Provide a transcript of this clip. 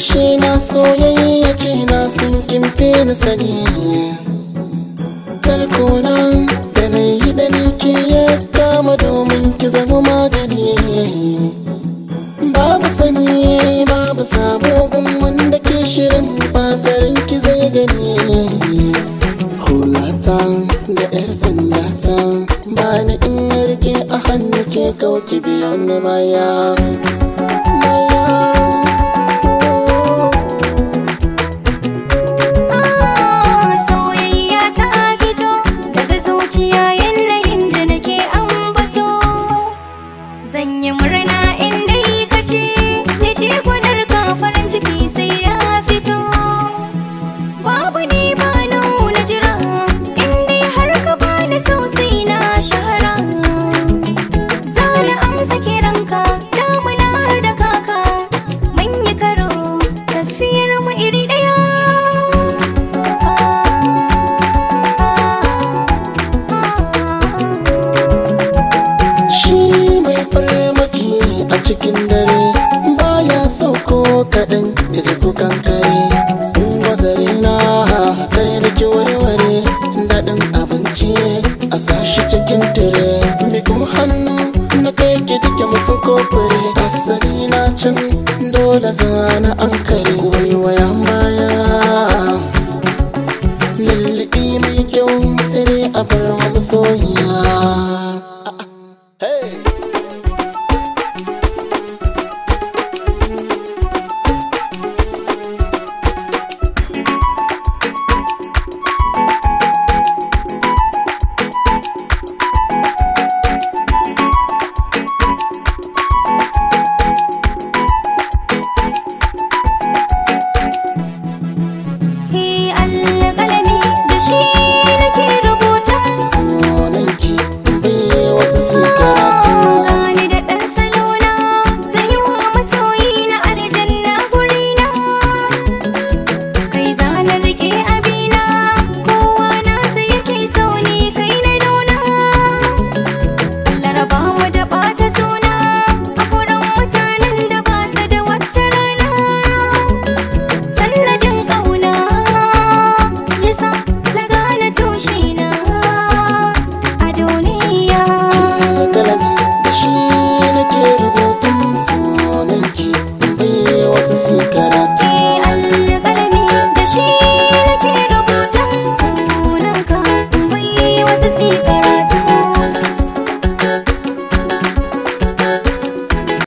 ƙarshe na ya ce na sun kimfe ni sani tarko na da na yi da ke ya kama domin ki zama magani babu sani babu sabobin wanda ke shirin fatarin ki zai gani hulata da yar sallata ba na in yarke a hannu ke kawo ki biyo ni baya sanya murna cikin dare baya sauko kaɗan ya ji kukan kare wazari na kare da ke warware daɗin abinci a sashi cikin tire miku hannu na kai ki duke musu kofare asali na can dole zana an kare waiwaya baya lullubi mai kyau sai a bar masoyi su da